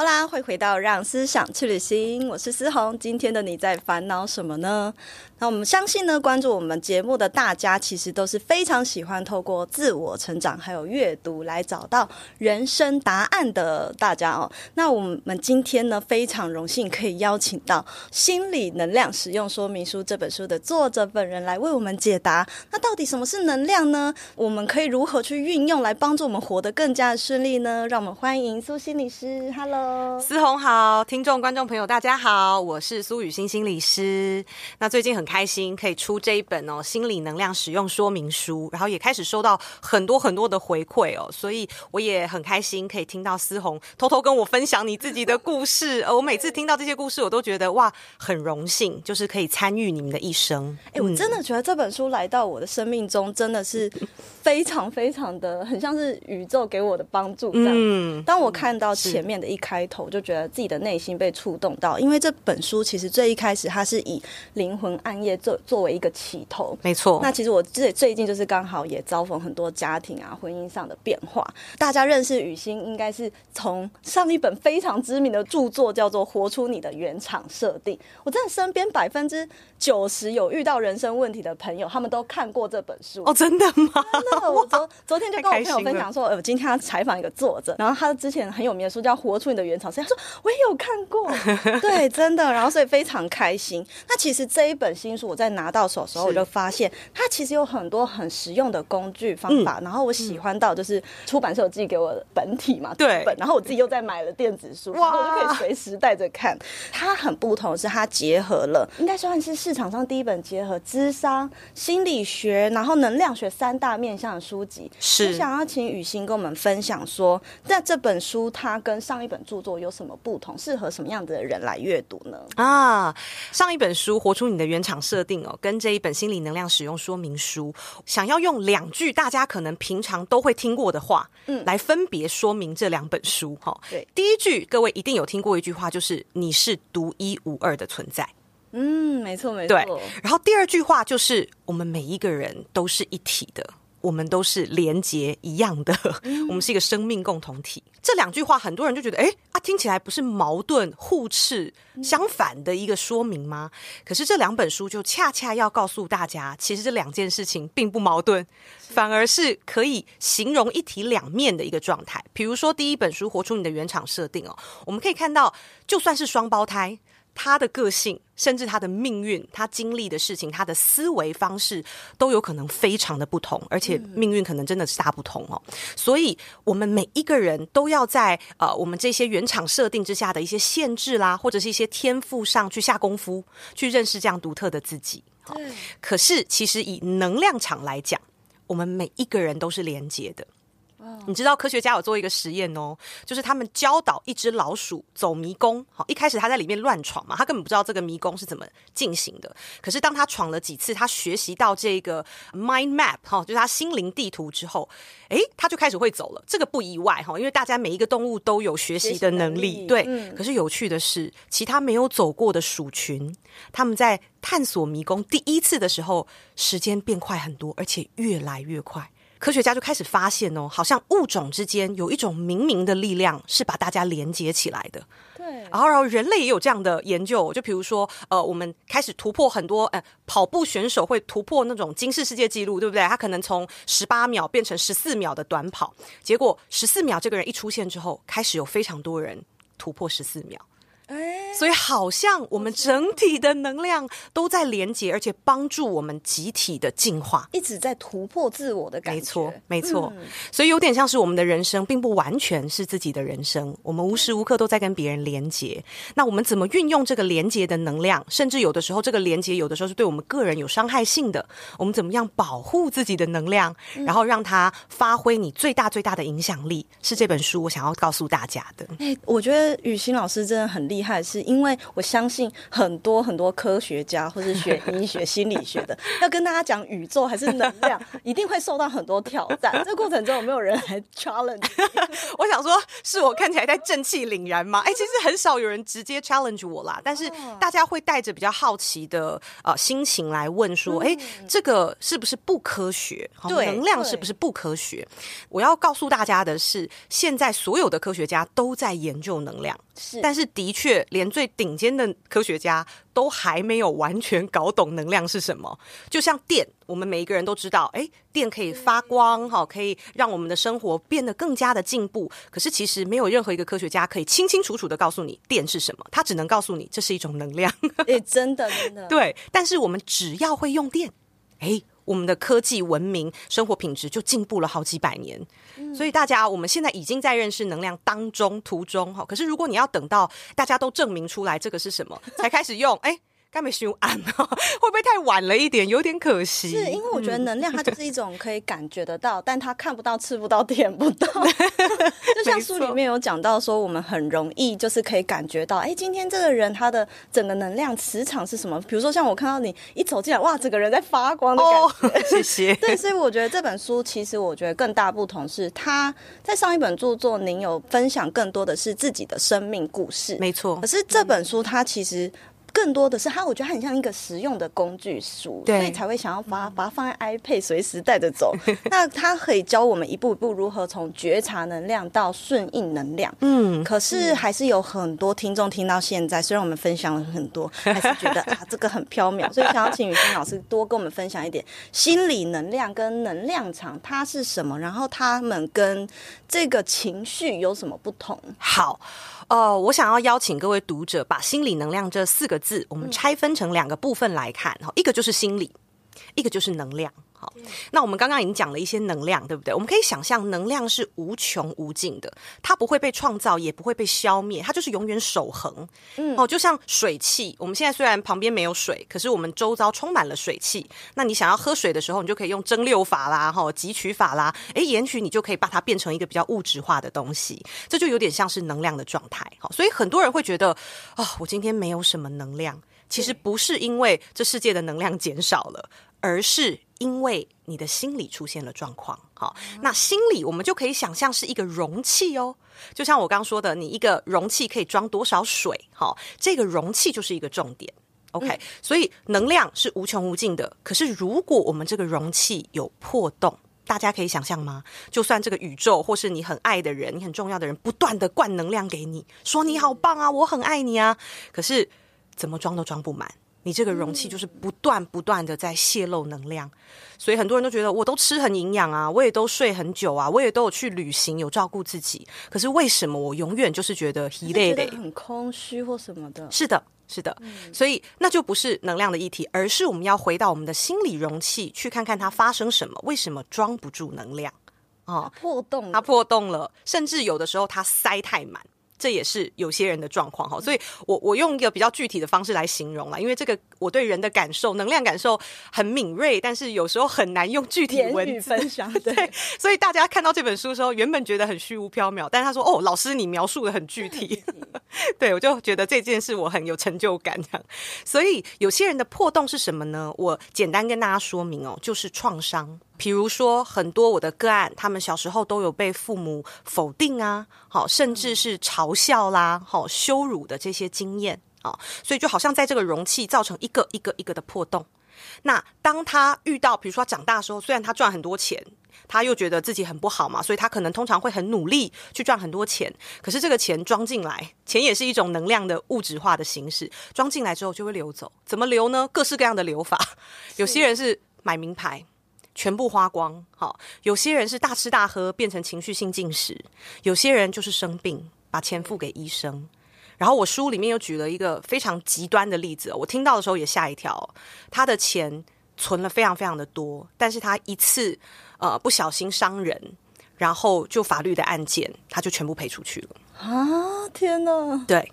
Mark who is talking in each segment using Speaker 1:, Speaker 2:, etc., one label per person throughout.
Speaker 1: 好啦，歡迎回到讓思想去旅行，我是思紅。今天的你在煩惱什麼呢？那我們相信呢，關注我們節目的大家，其實都是非常喜歡透過自我成長還有閱讀來找到人生答案的大家哦。那我們今天呢，非常榮幸可以邀請到《心理能量使用說明書》這本書的作者本人來為我們解答。那到底什麼是能量呢？我們可以如何去運用來幫助我們活得更加的順利呢？讓我們歡迎蘇心理師，Hello，
Speaker 2: 思紅好，聽眾觀眾朋友大家好，我是蘇予昕心理師。那最近很。開心可以出這一本哦，《心理能量使用說明書》，然後也開始收到很多很多的回饋哦，所以我也很開心可以聽到思宏偷偷跟我分享你自己的故事、哦。而我每次聽到這些故事，我都覺得哇，很榮幸，就是可以參與你們的一生。哎、嗯欸，我真
Speaker 1: 的覺得這本書來到我的生命中，真的是非常非常的，很像是宇宙給我的幫助。嗯，當我看到前面的一開頭，是就覺得自己的內心被觸動到，因為這本書其實最一開始它是以靈魂暗。也作作為一個起頭，沒錯錯。那其實我最最近就是剛好也遭逢很多家庭啊、婚姻上的變化。大家認識予昕，應該是從上一本非常知名的著作叫做《活出你的原廠設定》我在。我真的身邊百分之九十有遇到人生問題的朋友，他們都看過這本書。哦，真的嗎？真的，我昨哇昨天就跟我朋友分享說，呃，欸、我今天他採訪一個作者，然後他之前很有名的書叫《活出你的原廠設定》，他說我也有看過， 對，真的。然後所以非常開心。那其實這一本新。書我在拿到手的時候，我就發現它其實有很多很實用的工具方法。嗯、然後我喜歡到就是出版社寄給我本體嘛，對本，然後我自己又再買了電子書，哇然後我就可以隨時帶着看。它很不同的是它結合了，應該算是市場上第一本結合諮商心理學，然後能量學三大面向的書籍。是我想要請予昕跟我們分享說，在這本書它跟上一本著作有什麼不同，適合什麼樣子的人來閱讀呢？
Speaker 2: 啊，上一本書《活出你的原廠》。設定哦，跟這一本心理能量使用說明書，想要用兩句大家可能平常都會聽過的話，嗯，來分別說明這兩本書哈。哦，對，第一句各位一定有聽過一句話，就是“你是獨一無二的存在”，
Speaker 1: 嗯，沒錯沒錯。對，
Speaker 2: 然後第二句話就是“我們每一個人都是一體的”。我們都是連結一樣的，我們是一個生命共同體。嗯、這兩句話，很多人就覺得，哎啊，聽起來不是矛盾、互斥、相反的一個說明嗎？嗯、可是這兩本書就恰恰要告訴大家，其實這兩件事情並不矛盾，是反而是可以形容一體兩面的一個狀態。比如說，第一本書《活出你的原廠設定》哦，我們可以看到，就算是雙胞胎。他的個性，甚至他的命運，他經歷的事情，他的思維方式，都有可能非常的不同，而且命運可能真的是大不同哦。嗯。所以，我們每一個人都要在呃，我們這些原廠設定之下的一些限制啦，或者是一些天賦上去下功夫，去認識這樣獨特的自己。哦。對可是，其實以能量場來講，我們每一個人都是連接的。你知道科學家有做一個實驗哦，就是他們教導一隻老鼠走迷宮。好，一開始他在裡面亂闖嘛，他根本不知道這個迷宮是怎麼進行的。可是當他闖了幾次，他學習到這個 mind map，就是他心靈地圖之後，哎、欸，他就開始會走了。這個不意外，因為大家每一個動物都有學習的能力。力對，嗯、可是有趣的是，其他沒有走過的鼠群，他們在探索迷宮第一次的時候，時間變快很多，而且越來越快。科學家就開始發現哦，好像物種之間有一種冥冥的力量是把大家連接起來的。對，然後然後人類也有這樣的研究，就比如說，呃，我們開始突破很多，呃，跑步選手會突破那種金氏世界紀錄，對不對？他可能從十八秒變成十四秒的短跑，結果十四秒這個人一出現之後，開始有非常多人突破十四秒。欸、所以好像我們整體的能量都在連接，而且幫助我們集體的進化，一直在突破自我的感覺。沒錯，沒錯。嗯、所以有點像是我們的人生，並不完全是自己的人生。我們無時無刻都在跟別人連接。那我們怎麼運用這個連接的能量？甚至有的時候，這個連接有的時候是對我們個人有傷害性的。我們怎麼樣保護自己的能量，然後讓它發揮你最大最大的影響力？嗯、是這本書我想要告訴大家的、欸。我覺得予
Speaker 1: 昕老師真的很厲害。厲害，是因為我相信很多很多科學家，或是學醫學、心理學的，要跟大家講宇宙還是能
Speaker 2: 量，一定會受到很多挑戰。這過程中有沒有人來 challenge 我？ 我想說，是我看起來在正氣凜然嗎？哎、欸，其實很少有人直接 challenge 我啦。但是大家會帶着比較好奇的啊、呃、心情來問說：“哎、欸，這個是不是不科學？哦、對能量是不是不科學？”我要告訴大家的是，現在所有的科學家都在研究能量，是，但是的確。連最頂尖的科學家都還沒有完全搞懂能量是什麼。就像電，我們每一個人都知道，哎、欸，電可以發光，哈對，可以讓我們的生活變得更加的進步。可是其實沒有任何一個科學家可以清清楚楚的告訴你電是什麼，他只能告訴你這是一種能量。誒、 欸，真的，真的，對。但是我們只要會用電，哎、欸，我們的科技文明、生活品質就進步了好幾百年。所以大家，我們現在已經在認識能量當中途中哈。可是，如果你要等到大家都證明出來這個是什麼， 才開始用，誒、欸該沒修完啊？會不會太晚了一點？有點可惜。是因為我覺得能
Speaker 1: 量它就是一種可以感覺得到，嗯、但它看不到、 吃不到、舔不到。
Speaker 2: 就像
Speaker 1: 書裡面有講到說，我們很容易就是可以感覺到，哎，今天這個人他的整個能量磁場是什麼？比如說，像我看到你一走進來，哇，整個人在發光的感覺、哦、謝謝。 對，所以我覺得這本書其實，我覺得更大不同是，他在上一本著作，您有分享更多的是自己的生命故事。沒錯。可是這本書，它其實、嗯。更多的是它，我覺得很像一個實用的工具書，對所以才會想要把它、嗯、把它放在 iPad，隨時帶着走。嗯、那它可以教我們一步一步如何從覺察能量到順應能量。嗯，可是還是有很多聽眾聽到現在，嗯、雖然我們分享了很多，還是覺得啊 這個很飄渺，所以想要請予昕老師多跟我們分享一點 心理能量跟能量場它是什麼，然後他們跟這個情緒有
Speaker 2: 什麼不同？好。哦，我想要邀請各位讀者把“心理能量”這四個字，我們拆分成兩個部分來看哈，嗯、一個就是心理，一個就是能量。好，那我們剛剛已經講了一些能量，對不對？我們可以想象，能量是無窮無盡的，它不會被創造，也不會被消滅，它就是永遠守恆。嗯，哦，就像水汽，我們現在雖然旁邊沒有水，可是我們周遭充滿了水汽。那你想要喝水的時候，你就可以用蒸餾法啦，吼，汲取法啦，誒，鹽取，你就可以把它變成一個比較物質化的東西。這就有點像是能量的狀態。好，哦，所以很多人會覺得，哦，我今天沒有什麼能量，其實不是因為這世界的能量減少了。而是因為你的心理出現了狀況，好，那心理我們就可以想象是一個容器哦，就像我剛剛說的，你一個容器可以裝多少水，好，這個容器就是一個重點。嗯，OK，所以能量是無窮無盡的，可是如果我們這個容器有破洞，大家可以想象嗎？就算這個宇宙或是你很愛的人、你很重要的人不斷的灌能量給你，說你好棒啊，我很愛你啊，可是怎麼裝都裝不滿。你這個容器就是不斷不斷的在泄露能量，嗯、所以很多人都覺得我都吃很營養啊，我也都睡很久啊，我也都有去旅行，有照顧自己，可是為什麼我永遠就是覺得累累得很
Speaker 1: 空虛或什麼的？是
Speaker 2: 的，是的，嗯、所以那就不是能量的議題，而是我們要回到我們的心理容器，去看看它發生什麼，為什麼裝不住能量啊？破、嗯、洞，它破洞了，破洞了，甚至有的時候它塞太滿。這也是有些人的狀況哈，所以我我用一個比較具體的方式來形容了，因為這個我對人的感受、能量感受很敏銳，但是有時候很難用具體文字、言語分享對，對，所以大家看到這本書的時候，原本覺得很虛無縹緲，但是他說哦，老師你描述的很具體，具體 對，我就覺得這件事我很有成就感。所以有些人的破洞是什麼呢？我簡單跟大家說明哦，就是創傷。比如說，很多我的個案，他們小時候都有被父母否定啊，好，甚至是嘲笑啦，好，羞辱的這些經驗啊，所以就好像在這個容器造成一個一個一個的破洞。那當他遇到，比如說他長大的時候，雖然他賺很多錢，他又覺得自己很不好嘛，所以他可能通常會很努力去賺很多錢，可是這個錢裝進來，錢也是一種能量的物質化的形式，裝進來之後就會流走，怎麼流呢？各式各樣的流法，有些人是買名牌。全部花光，好、哦，有些人是大吃大喝變成情緒性進食，有些人就是生病把錢付給醫生，然後我書裡面又舉了一個非常極端的例子，我聽到的時候也嚇一跳，他的錢存了非常非常的多，但是他一次呃不小心傷人，然後就法律的案件，他就全部賠出去了，啊，天哪，對。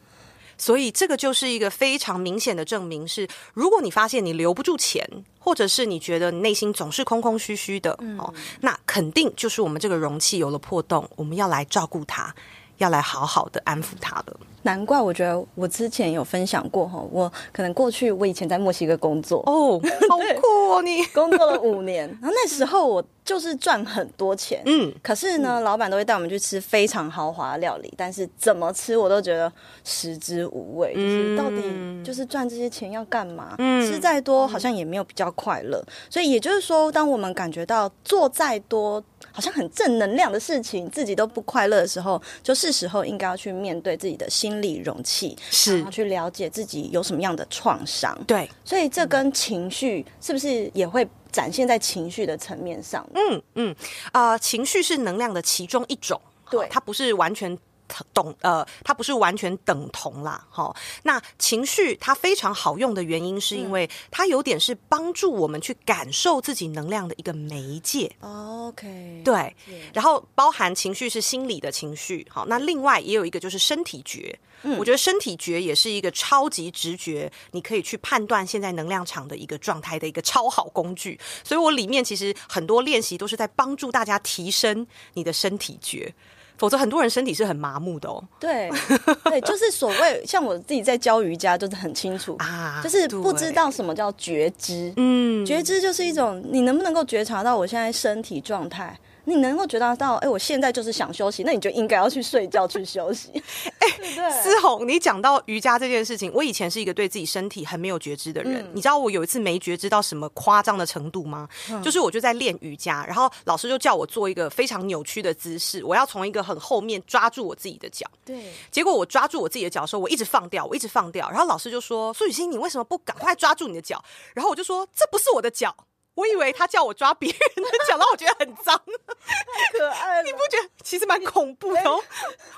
Speaker 2: 所以這個就是一個非常明顯的證明，是如果你發現你留不住錢，或者是你覺得你內心總是空空虛虛的，嗯、哦，那肯定就是我們這個容器有了破洞，我們要來照顧它，要來好好的安撫它了。
Speaker 1: 難怪我覺得我之前有分享過哈，我可能過去我以前在墨西哥工作哦，好酷哦，你工作了五年， 然後那時候我。就是賺很多錢，嗯，可是呢，嗯、老闆都會帶我們去吃非常豪華的料理，但是怎麼吃我都覺得食之無味，嗯、就是到底就是賺這些錢要幹嘛？嗯，吃再多好像也沒有比較快樂，嗯、所以也就是說，當我們感覺到做再多好像很正能量的事情，自己都不快樂的時候，就是時候應該要去面對自己的心理容器，是去了解自己有什麼樣的創傷，對，所以這跟情緒是不是也會？展現在情緒的層
Speaker 2: 面上，嗯，嗯嗯，呃，情緒是能量的其中一種，對，它不是完全。懂。呃，它不是完全等同啦，齁，那情緒它非常好用的原因，是因為它有點是幫助我們去感受自己能量的一個媒介。
Speaker 1: OK，嗯，對。然
Speaker 2: 後包含情緒是心理的情緒，好，那另外也有一個就是身體覺。嗯，我覺得身體覺也是一個超級直覺，你可以去判斷現在能量場的一個狀態的一個超好工具。所以我裡面其實很多練習都是在幫助大家提升你的身體覺。否則很多人身體是很麻木的哦。
Speaker 1: 對，對，就是所謂 像我自己在教瑜伽，就是很清楚啊，就是不知道什麼叫覺知。嗯，覺知就是一種你能不能夠覺察到我現在身體狀態。你能夠覺察到，誒、欸，我現在就是想休息，那你就應該要去睡覺
Speaker 2: 去休息。對，思宏，你講到瑜伽這件事情，我以前是一個對自己身體很沒有覺知的人。嗯、你知道我有一次沒覺知到什麼誇張的程度嗎？嗯、就是我就在練瑜伽，然後老師就叫我做一個非常扭曲的姿勢，我要從一個很後面抓住我自己的腳。對，結果我抓住我自己的腳的時候，我一直放掉，我一直放掉。然後老師就說：“蘇予昕，你為什麼不趕快抓住你的腳？”然後我就說：“這不是我的腳。”我以為他叫我抓別人的腳，然後我覺得很髒。 太可愛了，你不覺得？其實蠻恐怖的。你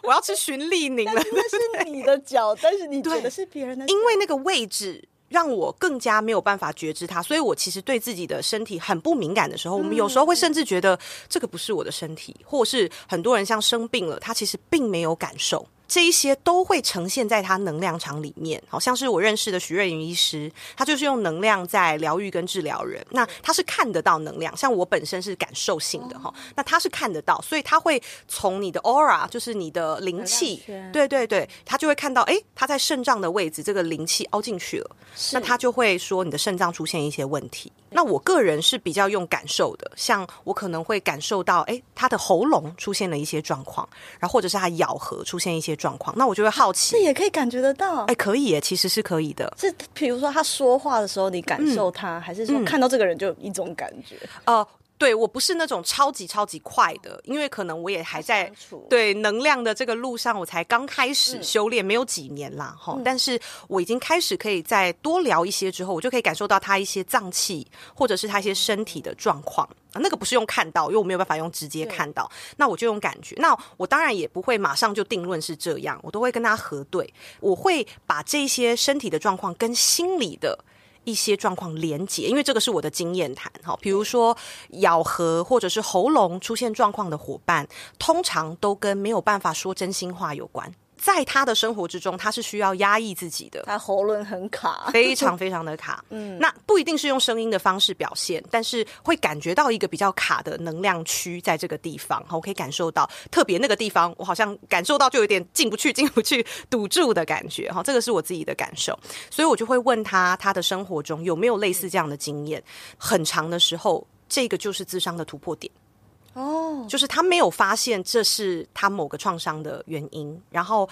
Speaker 2: 我要吃循利寧了。那是，是你的腳，對對，但是你覺得是別人的腳？因為那個位置讓我更加沒有辦法覺知它，所以我其實對自己的身體很不敏感的時候，我們有時候會甚至覺得、嗯、這個不是我的身體，或者是很多人像生病了，他其實並沒有感受。這一些都會呈現在他能量場裡面，好像是我認識的許瑞云醫師，他就是用能量在療癒跟治療人。那他是看得到能量，像我本身是感受性的哈，哦、那他是看得到，所以他會從你的 aura，就是你的靈氣，對對對，他就會看到，哎，他在腎臟的位置，這個靈氣凹進去了，是那他就會說你的腎臟出現一些問題。那我個人是比較用感受的，像我可能會感受到，誒，他的喉嚨出現了一些狀況，然後或者是他咬合出現一些狀況，那我就會好奇。這也可以感覺得到。誒，可以，其實是可以的。是，
Speaker 1: 比如說他說話的時候你感受他？嗯、還是說看到這個人就有一種感覺？哦、嗯。
Speaker 2: 嗯呃對，我不是那種超級超級快的，因為可能我也還在對能量的這個路上，我才剛開始修煉，嗯、沒有幾年啦哈。嗯、但是我已經開始可以再多聊一些之後，我就可以感受到他一些臟器或者是他一些身體的狀況。那個不是用看到，因為我沒有辦法用直接看到，對那我就用感覺。那我當然也不會馬上就定論是這樣，我都會跟他核對，我會把這些身體的狀況跟心理的。一些狀況連結，因為這個是我的經驗談哈。比如說，咬合或者是喉嚨出現狀況的夥伴，通常都跟沒有辦法說真心話有關。在他的生活之中，他是需要壓抑自己的。他喉輪很卡，非常非常的卡。嗯，那不一定是用聲音的方式表現，但是會感覺到一個比較卡的能量區在這個地方。我可以感受到特別那個地方，我好像感受到就有點進不去，進不去，堵住，的感覺。哈，這個是我自己的感受，所以我就會問他，他的生活中有沒有類似這樣的經驗？很長的時候，這個就是諮商的突破點。哦，就是他沒有發現這是他某個創傷的原因，然後。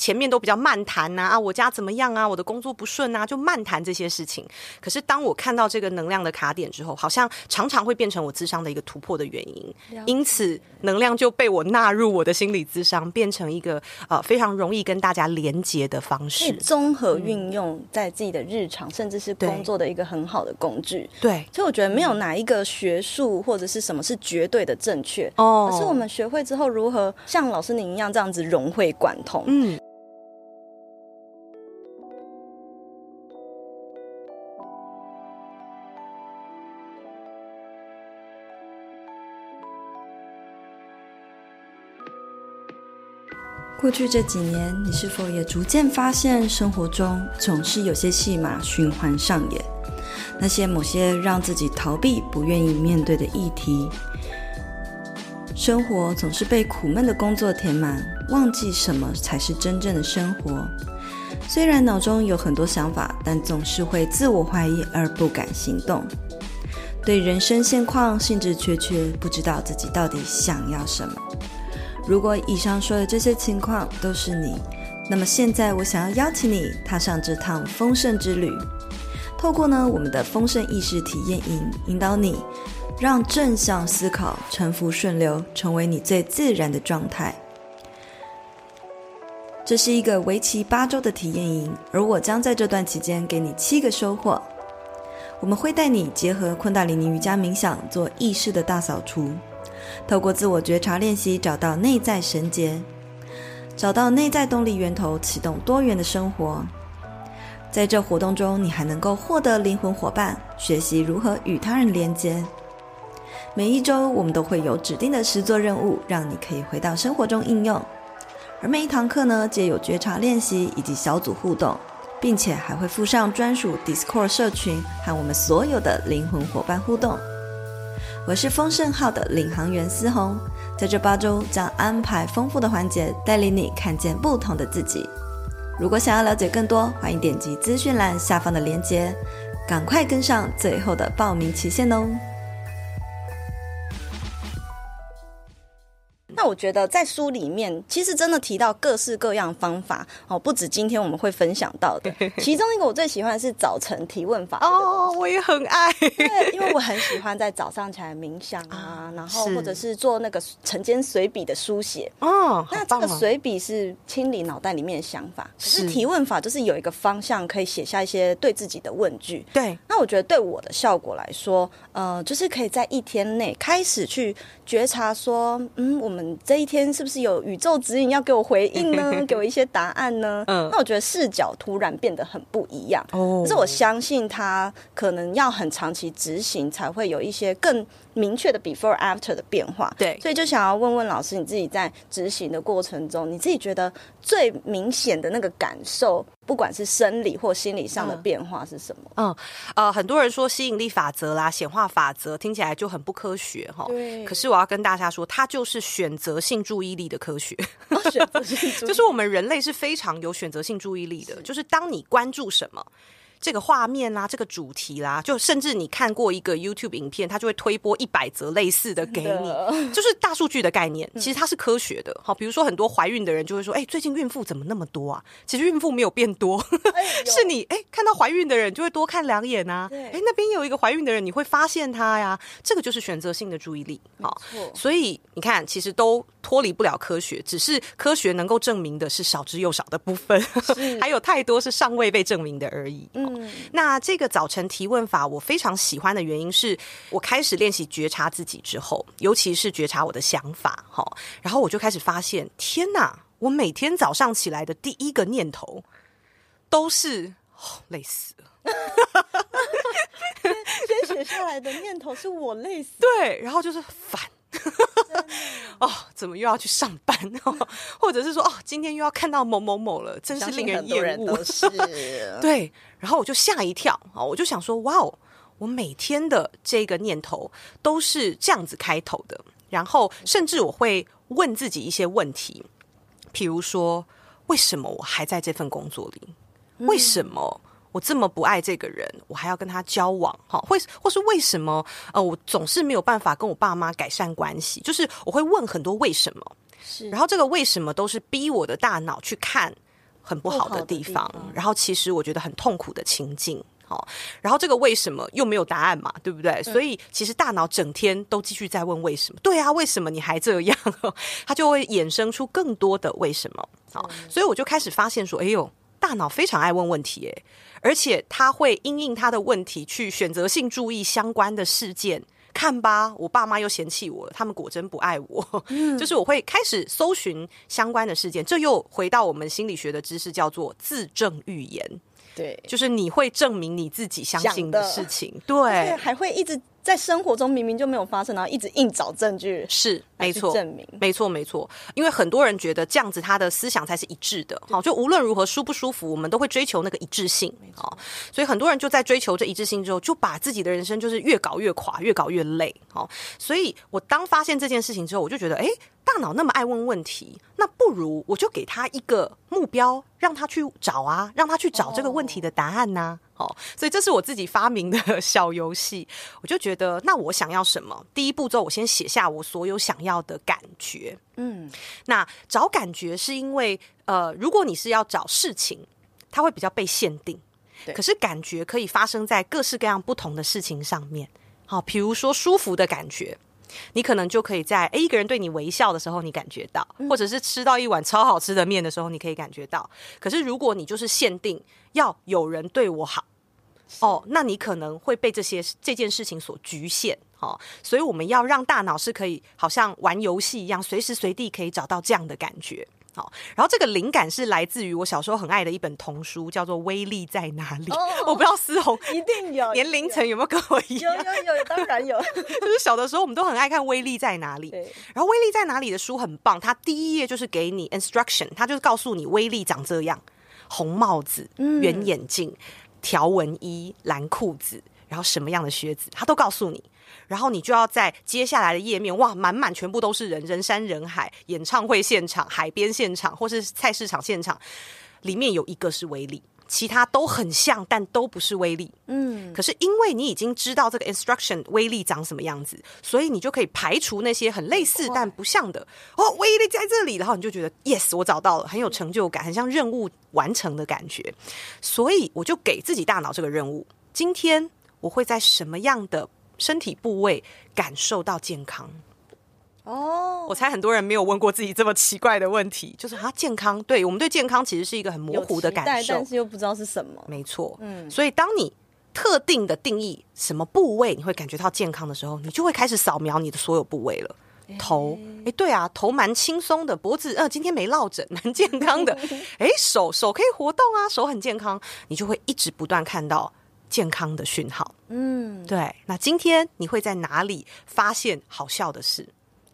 Speaker 2: 前面都比較漫談吶，啊，我家怎麼樣啊，我的工作不順吶、啊，就漫談這些事情。可是當我看到這個能量的卡點之後，好像常常會變成我諮商的一個突破的原因，了解。因此能量就被我納入我的心理諮商，變成一個呃非常容易跟大家連接的方式，
Speaker 1: 綜合運用在自己的日常、嗯、甚至是工作的一個很好的工具。對，所以我覺得沒有哪一個學術或者是什麼是絕對的正確哦，可、嗯、是我們學會之後如何像老師您一樣這樣子融會貫通，嗯。過去這幾年，你是否也逐漸發現，生活中總是有些戲碼循環上演？那些某些讓自己逃避、不願意面對的議題。生活總是被苦悶的工作填滿，忘記什麼才是真正的生活。雖然腦中有很多想法，但總是會自我懷疑而不敢行動。對人生現況興致缺缺，不知道自己到底想要什麼。如果以上說的這些情況都是你，那麼現在我想要邀請你踏上這趟豐盛之旅，透過呢我們的豐盛意識體驗營引導你，讓正向思考、沉浮順流成為你最自然的狀態。這是一個為期八週的體驗營，而我將在這段期間給你七個收穫。我們會帶你結合昆達里尼瑜伽冥想做意識的大掃除。透過自我覺察練習，找到內在神結，找到內在動力源頭，啟動多元的生活。在這活動中，你還能夠獲得靈魂夥伴，學習如何與他人連接。每一周我們都會有指定的實作任務，讓你可以回到生活中應用。而每一堂課呢，皆有覺察練習以及小組互動，並且還會附上專屬 Discord 社群，和我們所有的靈魂夥伴互動。我是豐盛號的領航員思紅，在這八周將安排豐富的環節，帶領你看見不同的自己。如果想要了解更多，歡迎點擊資訊欄下方的鏈接，趕快跟上最後的報名期限哦。那我覺得在書裡面，其實真的提到各式各樣方法哦，不止今天我們會分享到的。其中一個我最喜歡的是早晨提問法哦， 吧 oh, 我也很愛，對，因為我很喜歡在早上起來冥想啊，oh, 然後或者是做那個晨間隨筆的書寫哦，oh, 那這個隨筆是清理腦袋裡面的想法，哦、其實提問法就是有一個方向可以寫下一些對自己的問句。對，那我覺得對我的效果來說，呃，就是可以在一天內開始去覺察說，嗯，我們。這一天是不是有宇宙指引要給我回應呢？給我一些答案呢？ 嗯，那我覺得視角突然變得很不一樣。哦，可是我相信它可能要很長期執行才會有一些更明確的 before after 的變化。對，所以就想要問問老師，你自己在執行的過程中，你自己覺得最明顯的那個感受。不管是生理或心理上的變化
Speaker 2: 是什麼，嗯，嗯，呃，很多人說吸引力法則啦、顯化法則，聽起來就很不科學齁，對。可是我要跟大家說，它就是選擇性注意力的科學。哦、選擇性 就是我們人類是非常有選擇性注意力的，是，就是當你關注什麼。這個畫面啦、啊，這個主題啦、啊，就甚至你看過一個 YouTube 影片，它就會推播一百則類似的給你，的就是大數據的概念。其實它是科學的，好、嗯哦，比如說很多懷孕的人就會說，哎，最近孕婦怎麼那麼多啊？其實孕婦沒有變多，哎、 是你哎看到懷孕的人就會多看兩眼吶、啊。哎對，那邊有一個懷孕的人，你會發現他呀，這個就是選擇性的注意力。好、哦，錯所以你看，其實都。脫離不了科學，只是科學能夠證明的是少之又少的部分，是還有太多是尚未被證明的而已。嗯，那這個早晨提問法我非常喜歡的原因是，我開始練習覺察自己之後，尤其是覺察我的想法，然後我就開始發現，天哪，我每天早上起來的第一個念頭都是、哦、累死了
Speaker 1: 先。先寫下來的念頭是我累死
Speaker 2: 了，對，然後就是煩。 哦，怎麼又要去上班？或者是說，哦，今天又要看到某某某了，真是令人厭惡。人
Speaker 1: 對，
Speaker 2: 然後我就嚇一跳，哦，我就想說，哇哦，我每天的這個念頭都是這樣子開頭的。然後，甚至我會問自己一些問題，比如說，為什麼我還在這份工作裡？嗯，為什麼？我這麼不愛這個人，我還要跟他交往，哈，會或是為什麼？呃，我總是沒有辦法跟我爸媽改善關係，就是我會問很多為什麼，是，然後這個為什麼都是逼我的大腦去看很不好的地方，地方，然後其實我覺得很痛苦的情境，哈，然後這個為什麼又沒有答案嘛，對不對？嗯、所以其實大腦整天都繼續在問為什麼，對啊，為什麼你還這樣？他 就會衍生出更多的為什麼，好對，所以我就開始發現說，哎呦，大腦非常愛問問題、欸，哎。而且他會因應他的問題去選擇性注意相關的事件，看吧，我爸媽又嫌棄我了，他們果真不愛我，嗯、就是我會開始搜尋相關的事件，這又回到我們心理學的知識，叫做自證預言，對，就是你會證明你自己相信的事情，的對，
Speaker 1: 還會一直。在生活中明明就沒有發生，然後一
Speaker 2: 直硬找證據，是沒錯，證明沒錯沒錯。因為很多人覺得這樣子，他的思想才是一致的，好對，就無論如何舒不舒服，我們都會追求那個一致性，沒錯。所以很多人就在追求這一致性之後，就把自己的人生就是越搞越垮，越搞越累。好，所以我當發現這件事情之後，我就覺得，誒、欸。大腦那麼愛問問題，那不如我就給他一個目標，讓他去找啊，讓他去找這個問題的答案呢、啊。好、哦哦，所以這是我自己發明的小遊戲。我就覺得，那我想要什麼？第一步驟我先寫下我所有想要的感覺。
Speaker 1: 嗯，
Speaker 2: 那找感覺是因為，呃，如果你是要找事情，它會比較被限定。對可是感覺可以發生在各式各樣不同的事情上面。好、哦，比如說舒服的感覺。你可能就可以在，欸，一個人對你微笑的時候，你感覺到，或者是吃到一碗超好吃的麵的時候，你可以感覺到。可是如果你就是限定要有人對我好，哦，那你可能會被這些這件事情所局限，哦。所以我們要讓大腦是可以好像玩遊戲一樣，隨時隨地可以找到這樣的感覺。好，然後這個靈感是來自於我小時候很愛的一本童書，叫做《威力在哪裡》。Oh, 我不知道思紅一定有年齡層有沒有跟我一樣？有有有，當然有。 就是小的時候我們都很愛看《威力在哪裡》對，然後《威力在哪裡》的書很棒，它第一頁就是給你 instruction，它就是告訴你威力長這樣：紅帽子、圓眼鏡、條紋衣、藍褲子，然後什麼樣的靴子，它都告訴你。然後你就要在接下來的頁面，哇，滿滿全部都是人，人山人海，演唱會現場、海邊現場或是菜市場現場，裡面有一個是威力，其他都很像，但都不是威力。嗯，可是因為你已經知道這個 instruction 威力長什麼樣子，所以你就可以排除那些很類似但不像的哦，很快，oh, 威力在這裡，然後你就覺得 yes，我找到了，很有成就感，很像任務完成的感覺，所以我就給自己大腦這個任務，今天我會在什麼樣的？身體部位感受到健康哦，我猜很多人沒有問過自己這麼奇怪的問題，就是啊，健康對我們對健康其實是一個很模糊的感受，但是
Speaker 1: 又不知道是什麼，
Speaker 2: 沒錯，嗯，所以當你特定的定義什麼部位你會感覺到健康的時候，你就會開始掃描你的所有部位了。頭，哎，對啊，頭蠻輕鬆的，脖子，呃，今天沒落枕，很健康的。哎，手手可以活動啊，手很健康，你就會一直不斷看到。健康的訊號，嗯，對。那今天你會在哪裡發現好笑的事？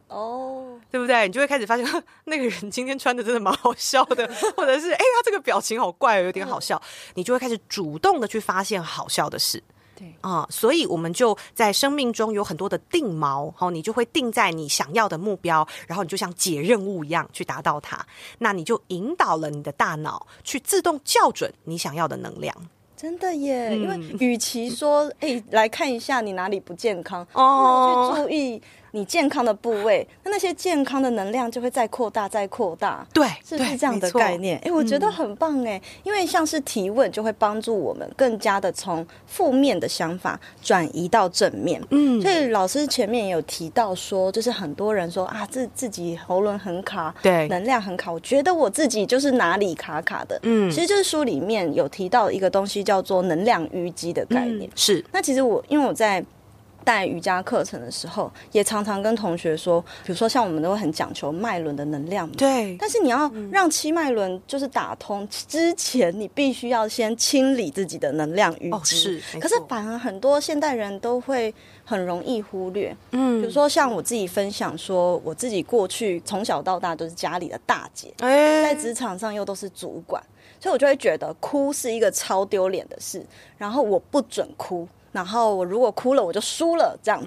Speaker 2: 哦，對不對？你就會開始發現那個人今天穿的真的蠻好笑的， 或者是哎、欸，他這個表情好怪，哦，有點好笑。嗯、你就會開始主動的去發現好笑的事，對啊、嗯。所以我們就在生命中有很多的定錨，好，你就會定在你想要的目標，然後你就像解任務一樣去達到它。那你就引導了你的大腦去自動校準你想要的能量。
Speaker 1: 真的耶，嗯、因為與其說，哎、 欸，來看一下你哪裡不健康，哦、嗯，去注意你健康的部位，那那些健康的能量就會再擴大、大，再擴大，對，是不是這樣的概念？哎，我覺得很棒哎，嗯、因為像是提問就會幫助我們更加的從負面的想法轉移到正面。嗯，所以老師前面有提到說，就是很多人說啊，自自己喉嚨很卡，對，能量很卡。我覺得我自己就是哪裡卡卡的，嗯，其實就是書裡面有提到一個東西叫做能量淤積的概念。嗯、是，那其實我因為我在。帶瑜伽課程的時候，也常常跟同學說，比如說像我們都會很講求脈輪的能量嘛。對。但是你要讓七脈輪就是打通之前，嗯、你必須要先清理自己的能量淤積。哦，是。可是反而很多現代人都會很容易忽略。嗯。比如說像我自己分享說，我自己過去從小到大都是家裡的大姐，欸、在職場上又都是主管，所以我就會覺得哭是一個超丟臉的事，然後我不准哭。然後我如果哭了，我就輸了，這樣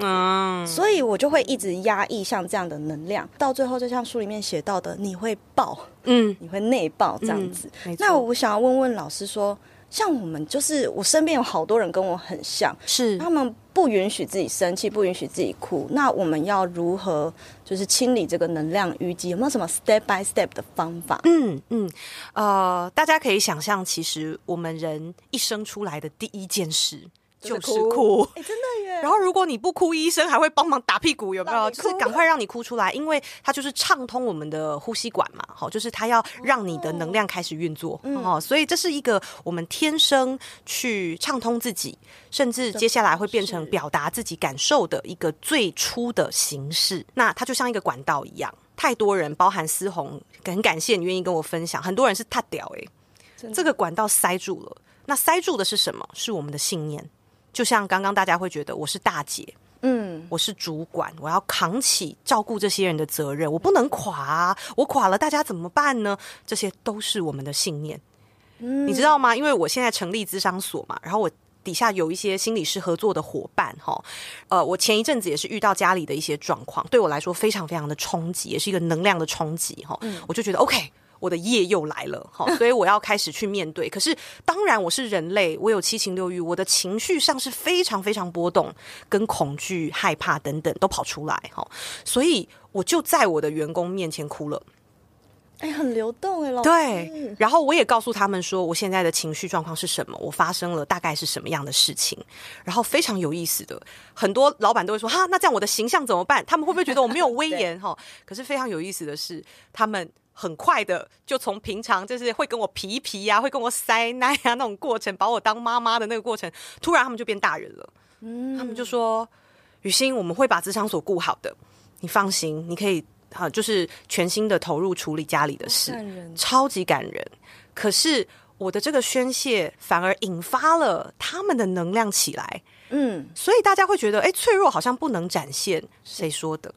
Speaker 1: 子，所以我就會一直壓抑像這樣的能量，到最後就像書裡面寫到的，你會爆，嗯，你會內爆這樣子。那我想要問問老師說，像我們就是我身邊有好多人跟我很像，是他們不允許自己生氣，不允許自己哭。那我們要如何就是清理這個能量淤積？有沒有什麼 step by step 的方法？嗯，嗯
Speaker 2: 嗯，呃，大家可以想象，其實我們人一生出來的第一件事。就是哭，就是哭，哎，真的耶！然後如果你不哭，醫生還會幫忙打屁股，有沒有？就是趕快讓你哭出來，因為它就是暢通我們的呼吸管嘛。好，就是它要讓你的能量開始運作。哦，嗯、哦，所以這是一個我們天生去暢通自己，甚至接下來會變成表達自己感受的一個最初的形式。是那它就像一個管道一樣，太多人，包含思紅，很感謝你願意跟我分享。很多人是太屌誒、欸，的這個管道塞住了。那塞住的是什麼？是我們的信念。就像剛剛大家會覺得我是大姐，嗯，我是主管，我要扛起照顧這些人的責任，我不能垮，啊，我垮了大家怎麼辦呢？這些都是我們的信念，
Speaker 1: 嗯，你知道
Speaker 2: 嗎？因為我現在成立諮商所嘛，然後我底下有一些心理師合作的夥伴哈，呃，我前一陣子也是遇到家裡的一些狀況，對我來說非常非常的衝擊，也是一個能量的衝擊哈，嗯，我就覺得 OK。我的夜又來了，所以我要開始去面對。 可是，當然我是人類，我有七情六欲，我的情緒上是非常非常波動，跟恐懼、害怕等等都跑出來，所以我就在我的員工面前哭了，
Speaker 1: 哎、欸，很流動、欸、對。
Speaker 2: 然後我也告訴他們說，我現在的情緒狀況是什麼，我發生了大概是什麼樣的事情。然後非常有意思的，很多老板都會說，哈，那這樣我的形象怎麼辦？他們會不會覺得我沒有威嚴？ 對可是非常有意思的是，他們。很快的就從平常就是會跟我皮皮呀、啊，會跟我塞奶啊那種過程，把我當媽媽的那個過程，突然他們就變大人了。嗯，他們就說：“予昕，我們會把職場所顧好的，你放心，你可以啊，就是全心的投入處理家裡的事，的超級感人。”可是我的這個宣洩反而引發了他們的能量起來，嗯，所以大家會覺得，誒，脆弱好像不能展現。誰說的？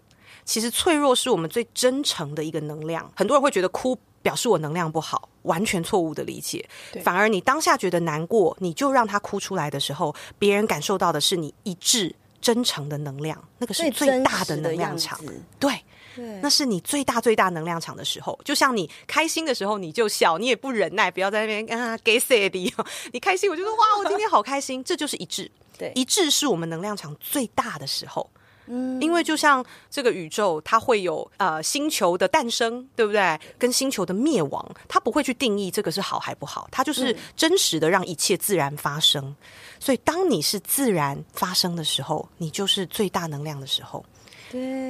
Speaker 2: 其實脆弱是我們最真誠的一個能量。很多人會覺得哭表示我能量不好，完全錯誤的理解。對反而你當下覺得難過，你就讓他哭出來的時候，別人感受到的是你一致真誠的能量，那個是最大的能量場。對，對，那是你最大最大能量場的時候。就像你開心的時候，你就笑，你也不忍耐，不要在那邊啊，給誰的？你開心，我就說哇，我今天好開心。 這就是一致。對，一致是我們能量場最大的時候。嗯，因為就像這個宇宙，它會有呃星球的誕生，對不對？跟星球的滅亡，它不會去定義這個是好還不好，它就是真實的讓一切自然發生。嗯。所以，當你是自然發生的時候，你就是最大能量的時候。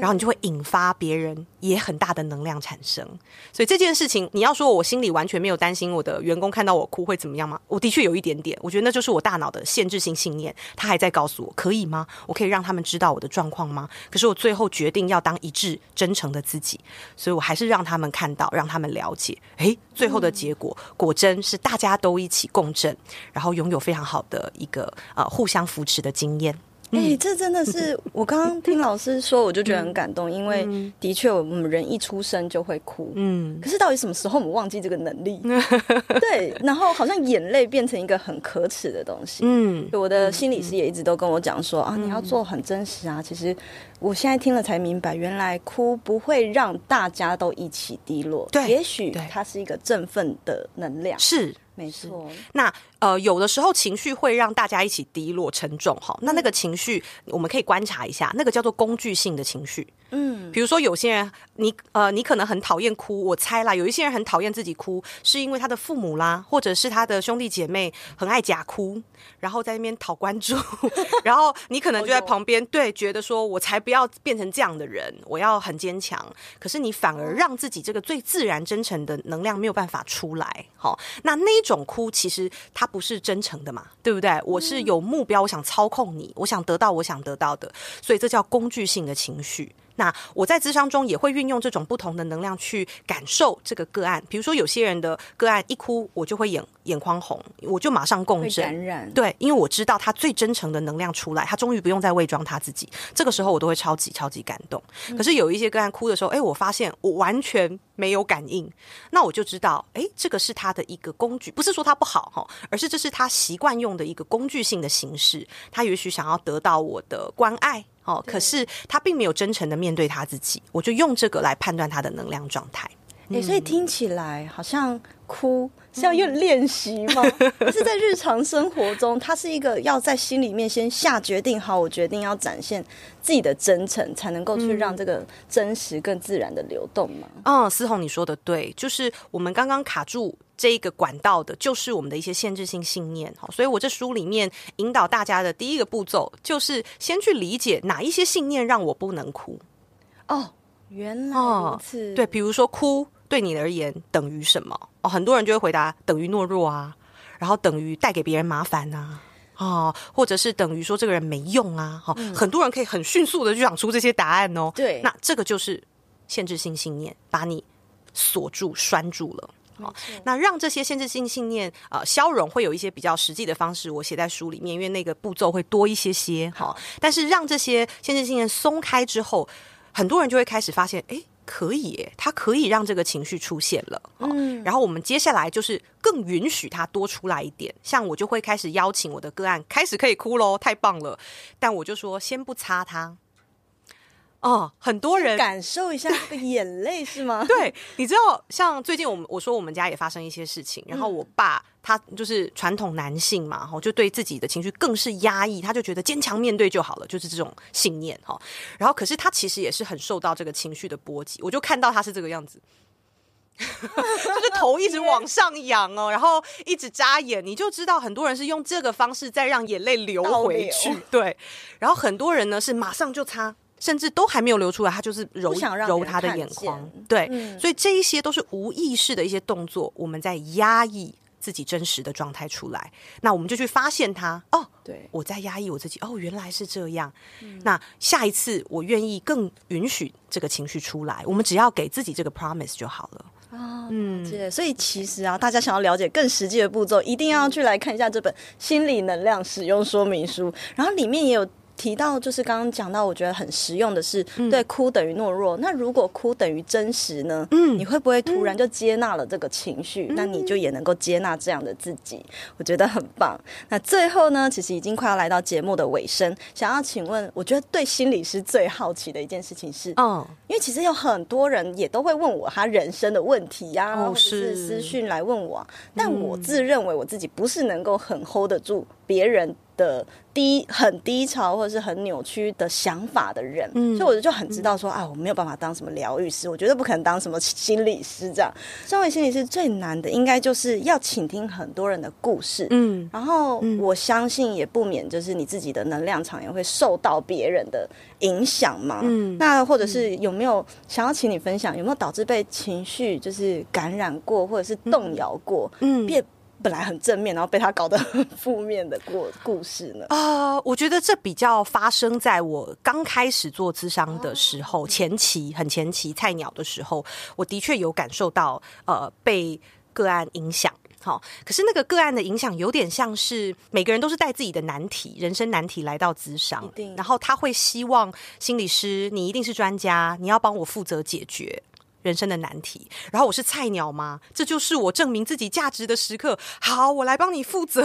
Speaker 2: 然後你就會引發別人也很大的能量產生，所以這件事情，你要說我心裡完全沒有擔心我的員工看到我哭會怎麼樣嗎？我的確有一點點，我覺得那就是我大腦的限制性信念，他還在告訴我，可以嗎？我可以讓他們知道我的狀況嗎？可是我最後決定要當一致真誠的自己，所以我還是讓他們看到，讓他們了解。哎，最後的結果果真是大家都一起共振，然後擁有非常好的一個呃互相扶持的經驗。哎，欸、
Speaker 1: 這真的是我剛剛聽老師說，我就覺得很感動，因為的確我們人一出生就會哭，嗯，可是到底什麼時候我們忘記這個能力？對，然後好像眼淚變成一個很可恥的東西。嗯，我的心理師也一直都跟我講說啊，你要做很真實啊。其實我現在聽了才明白，原來哭不會讓大家都一起低落，對，也許它是一個
Speaker 2: 振奮的能量，是沒錯。那。呃，有的時候情緒會讓大家一起低落沉重哈。嗯、那那個情緒，我們可以觀察一下，那個叫做工具性的情緒。嗯，比如說有些人，你呃，你可能很討厭哭，我猜啦，有一些人很討厭自己哭，是因為他的父母啦，或者是他的兄弟姐妹很愛假哭，然後在那邊討關注， 然後你可能就在旁邊、哦、呦對，覺得說我才不要變成這樣的人，我要很堅強。可是你反而讓自己這個最自然真誠的能量沒有辦法出來。好、哦，哦、那那一種哭其實他不是真誠的嘛，對不對？我是有目標，我想操控你，我想得到，我想得到的，所以這叫工具性的情緒。那我在諮商中也會運用這種不同的能量去感受這個個案，比如說有些人的個案一哭，我就會眼眼眶紅，我就馬上共振，對，因為我知道他最真誠的能量出來，他終於不用再偽裝他自己，這個時候我都會超級超級感動。可是有一些個案哭的時候，欸，我發現我完全沒有感應，那我就知道，欸，這個是他的一個工具，不是說他不好，而是這是他習慣用的一個工具性的形式，他也許想要得到我的關愛。哦，對，可是他並沒有真誠的面對他自己，我就用這個來判斷他的能量狀態。嗯。誒，所以
Speaker 1: 聽起來好像哭。是要用練習嗎？可 是在日常生活中，他是一個要在心裡面先下決定，好，我決定要展現自己的真誠，才能夠去讓這個真實更自然的流
Speaker 2: 動嘛。嗯，思宏，你說的對，就是我們剛剛卡住這個管道的，就是我們的一些限制性信念。好，所以我這書裡面引導大家的第一個步驟，就是先去理解哪一些信念讓我不能哭。
Speaker 1: 哦，原來如此、嗯。對，比如說
Speaker 2: 哭。對你而言等於什麼？哦，很多人就會回答等於懦弱啊，然後等於帶給別人麻煩啊。哦，或者是等於說這個人沒用啊。好、哦，嗯、很多人可以很迅速的就想出這些答案哦。對，那這個就是限制性信念，把你鎖住、拴住了。好、哦，錯那讓這些限制性信念啊、呃、消融，會有一些比較實際的方式，我寫在書裡面，因為那個步驟會多一些些。哦、好，但是讓這些限制性信念鬆開之後，很多人就會開始發現，誒……可以，他可以讓這個情緒出現了。哦、嗯，然後我們接下來就是更允許他多出來一點，像我就會開始邀請我的個案開始可以哭嘍，太棒了！但我就說先不擦他。哦，很多人感受一下這個眼淚是嗎？ 對，你知道，像最近我們我說我們家也發生一些事情，然後我爸。嗯他就是傳統男性嘛，哈，就對自己的情緒更是壓抑，他就覺得堅強面對就好了，就是這種信念，哈。然後，可是他其實也是很受到這個情緒的波及，我就看到他是這個樣子， 他就是頭一直往上揚哦，然後一直眨眼，你就知道很多人是用這個方式在讓眼淚流回去，對。然後很多人呢是馬上就擦，甚至都還沒有流出來，他就是揉揉他的眼眶，對。所以這一些都是無意識的一些動作，我們在壓抑。自己真實的狀態出來，那我們就去發現它。哦，對，我在壓抑我自己。哦，原來是這樣。嗯、那下一次，我願意更允許這個情緒出來。我們只要給自己這個 promise 就好了。啊、哦，嗯、哦，所以
Speaker 1: 其實啊，對大家想要了解更實際的步驟，一定要去來看一下這本《心理能量使用說明書》，然後裡面也有。提到就是剛剛講到，我覺得很實用的是，對哭等於懦弱。嗯、那如果哭等於真實呢？嗯，你會不會突然就接納了這個情緒？嗯、那你就也能夠接納這樣的自己，嗯、我覺得很棒。那最後呢，其實已經快要來到節目的尾聲，想要請問，我覺得對心理師最好奇的一件事情是，哦，因為其實有很多人也都會問我他人生的問題呀、啊，哦、或者是私訊來問我、啊，嗯、但我自認為我自己不是能夠很 hold 得、e、住別人。的低很低潮或者是很扭曲的想法的人，嗯、所以我就很知道說、嗯、啊，我沒有辦法當什麼療癒師，我絕對不可能當什麼心理師。這樣身為心理師最難的，應該就是要傾聽很多人的故事。嗯，然後我相信也不免就是你自己的能量場也會受到別人的影響嘛。嗯，那或者是有沒有想要請你分享，有沒有導致被情緒就是感染過，或者是
Speaker 2: 動搖過？嗯，變本來很正面，然後被他搞得很
Speaker 1: 負面的過故事呢？啊、
Speaker 2: 呃，我覺得這比較發生在我剛開始做諮商的時候，啊、前期很前期菜鳥的時候，我的確有感受到，呃，被個案影響。好、哦，可是那個個案的影響有點像是每個人都是帶自己的難題、人生難題來到諮商，定然後他會希望心理師你一定是專家，你要幫我負責解決。人生的難題，然後我是菜鳥嗎？這就是我證明自己價值的時刻。好，我來幫你負責。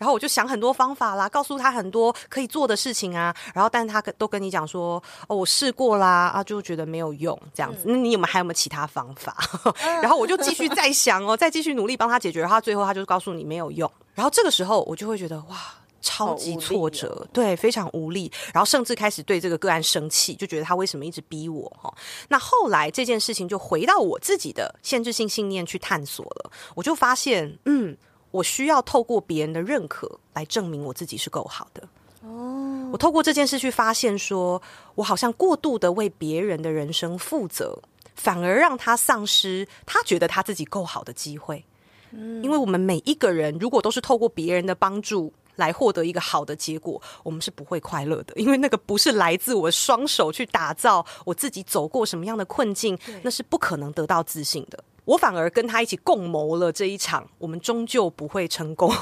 Speaker 2: 然後我就想很多方法啦，告訴他很多可以做的事情啊。然後，但他都跟你講說，哦，我試過啦，啊，就覺得沒有用，這樣子。嗯、那你有沒有還有沒有其他方法？ 然後我就繼續再想哦，再繼續努力幫他解決。然後最後他就告訴你沒有用。然後這個時候我就會覺得哇。超級挫折，哦，對，非常無力，然後甚至開始對這個個案生氣，就覺得他為什麼一直逼我，哦，那後來這件事情就回到我自己的限制性信念去探索了，我就發現，嗯，我需要透過別人的認可來證明我自己是夠好的哦。我透過這件事去發現說，說我好像過度的為別人的人生負責，反而讓他喪失他覺得他自己夠好的機會。嗯，因為我們每一個人如果都是透過別人的幫助，來獲得一個好的結果，我們是不會快樂的，因為那個不是來自我雙手去打造，我自己走過什麼樣的困境，對那是不可能得到自信的。我反而跟他一起共謀了這一場，我們終究不會成功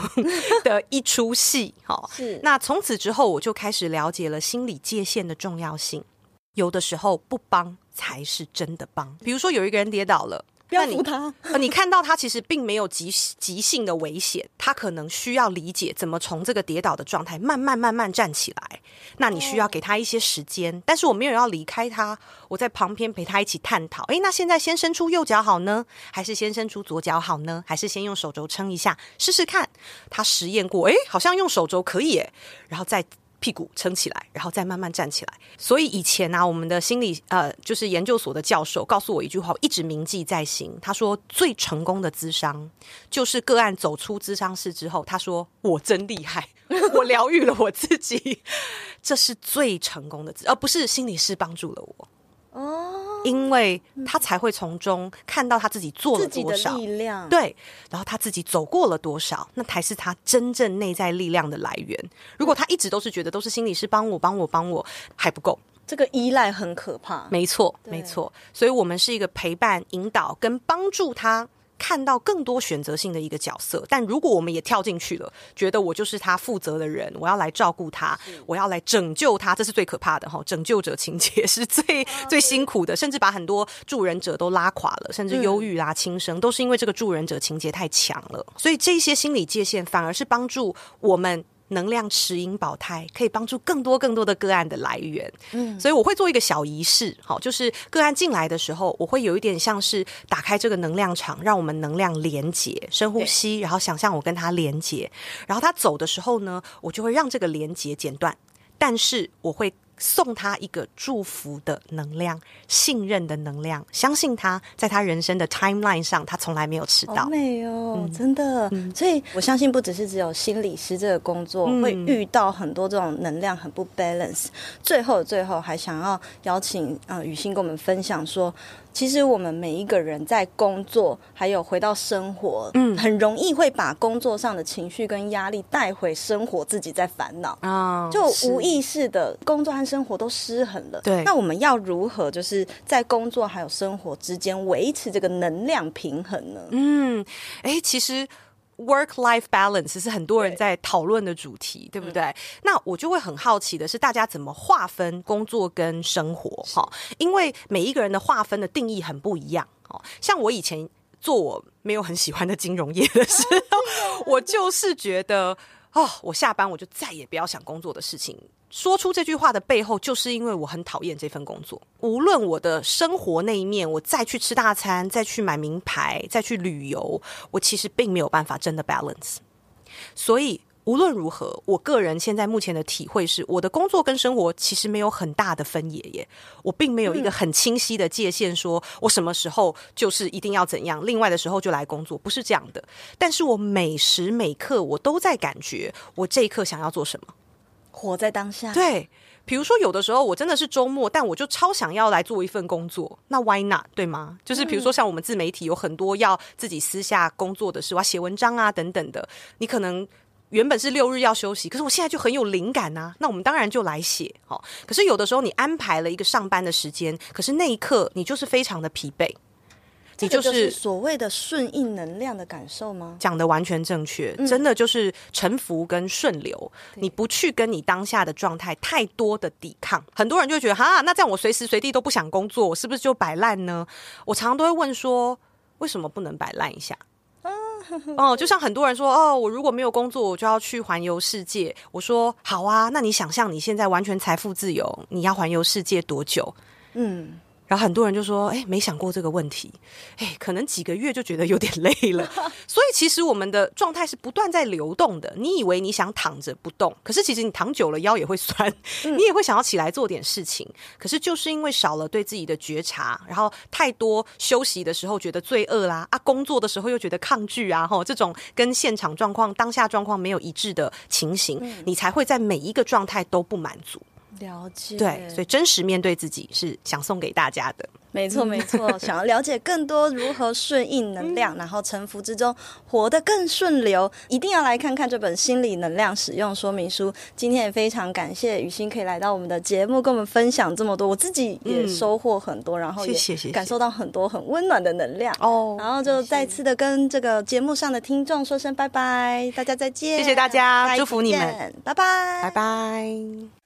Speaker 2: 的一出戲。好、 哦，是。那從此之後，我就開始了解了心理界限的重要性。有的時候不幫才是真的幫。比如說，有一個人跌倒了。不要扶他你，你看到他其實並沒有急急性的危險，他可能需要理解怎麼從這個跌倒的狀態慢慢慢慢站起來。那你需要給他一些時間，但是我沒有要離開他，我在旁邊陪他一起探討。誒，那現在先伸出右腳好呢，還是先伸出左腳好呢？還是先用手肘撐一下試試看？他實驗過，誒，好像用手肘可以，欸，然後再。屁股撐起來，然後再慢慢站起來。所以以前啊，我們的心理呃，就是研究所的教授告訴我一句話，我一直銘記在心。他說，最成功的諮商就是個案走出諮商室之後，他說：“我真厲害，我療癒了我自己， 這是最成功的，呃，”而不是心理師幫助了我。哦。因為他才會從中看到他自己做了多少。力量，對，然後他自己走過了多少，那才是他真正內在力量的來源。嗯、如果他一直都是覺得都是心理師幫我幫我幫我還不夠，這個依賴很可怕。沒錯錯，對沒錯，所以我們是一個陪伴、引導跟幫助他，看到更多選擇性的一個角色，但如果我們也跳進去了，覺得我就是他負責的人，我要來照顧他，我要來拯救他，這是最可怕的吼，拯救者情結是最最辛苦的，甚至把很多助人者都拉垮了，甚至憂鬱啦、輕生，都是因為這個助人者情結太強了。所以這一些心理界限反而是幫助我們。能量持盈保泰可以幫助更多更多的個案的來源，嗯，所以我會做一個小儀式，好，就是個案進來的時候，我會有一點像是打開這個能量場，讓我們能量連接，深呼吸，然後想象我跟他連接，然後他走的時候呢，我就會讓這個連接剪斷，但是我會。送他一個祝福的能量，信任的能量，相信他在他人生的 timeline 上，他從來沒有遲到。沒
Speaker 1: 有、哦，嗯、真的，嗯、所以我相信不只是只有心理師這個工作、嗯、會遇到很多這種能量很不 balance。最後，最後還想要邀請啊，予、呃、昕跟我們分享說。其實我們每一個人在工作，還有回到生活，嗯，很容易會把工作上的情緒跟壓力帶回生活，自己在煩惱啊，
Speaker 2: 哦、就無意
Speaker 1: 識的工作和生活都失衡了。對是，那我們要如何就是在工作還有生活之間維持這個能量平衡呢？嗯，
Speaker 2: 哎、欸，其實。Work-life balance 是很多人在討論的主題，對，對不對？嗯、那我就會很好奇的是，大家怎麼劃分工作跟生活是、哦？因為每一個人的劃分的定義很不一樣。哦、像我以前做我沒有很喜歡的金融業的時候， 我就是覺得，哦，我下班我就再也不要想工作的事情。說出這句話的背後，就是因為我很討厭這份工作。無論我的生活那一面，我再去吃大餐，再去買名牌，再去旅遊，我其實並沒有辦法真的 balance。所以無論如何，我個人現在目前的體會是，我的工作跟生活其實沒有很大的分野耶。我並沒有一個很清晰的界限，說我什麼時候就是一定要怎樣，另外的時候就來工作，不是這樣的。但是我每時每刻，我都在感覺我這一刻想要做什麼。活在當下，對，比如說有的時候我真的是周末，但我就超想要來做一份工作，那 why not？對嗎？就是比如說像我們自媒體有很多要自己私下工作的事，我要寫文章啊等等的，你可能原本是六日要休息，可是我現在就很有靈感啊，那我們當然就來寫哦。可是有的時候你安排了一個上班的時間，可是那一刻你就是非常的疲憊。這就是所
Speaker 1: 謂的順應能量的感
Speaker 2: 受嗎？講得完全正確。嗯、真的就是臣服跟順流。對你不去跟你當下的狀態太多的抵抗，很多人就覺得哈，那這樣我隨時隨地都不想工作，我是不是就擺爛呢？我常常都會問說，為什麼不能擺爛一下 哦，就像很多人說，哦，我如果沒有工作，我就要去環遊世界。我說好啊，那你想象你現在完全財富自由，你要環遊世界多久？嗯。然後很多人就說：“哎，沒想過這個問題。哎，可能幾個月就覺得有點累了。所以其實我們的狀態是不斷在流動的。你以為你想躺着不動，可是其實你躺久了腰也會酸，你也會想要起來做點事情。嗯。可是就是因為少了對自己的覺察，然後太多休息的時候覺得罪惡啦，啊，啊，工作的時候又覺得抗拒啊，吼，這種跟現場狀況、當下狀況沒有一致的情形，你才會在每一個狀態都不滿足。”
Speaker 1: 了解，對，所以
Speaker 2: 真實面對自己是想送給大家的，嗯、
Speaker 1: 沒錯沒錯。想要了解更多如何順應能量， 然後沉浮之中活得更順流，嗯、一定要來看看這本《心理能量使用說明書》。今天也非常感謝予昕可以來到我們的節目，跟我們分享這麼多，我自己也收穫很多，嗯、然後也感受到很多很溫暖的能量哦。謝謝謝謝，然後就再次的跟這個節目上的聽眾說聲拜拜，大家再見，謝謝大家，再見，祝福你們，拜拜，
Speaker 2: 拜拜。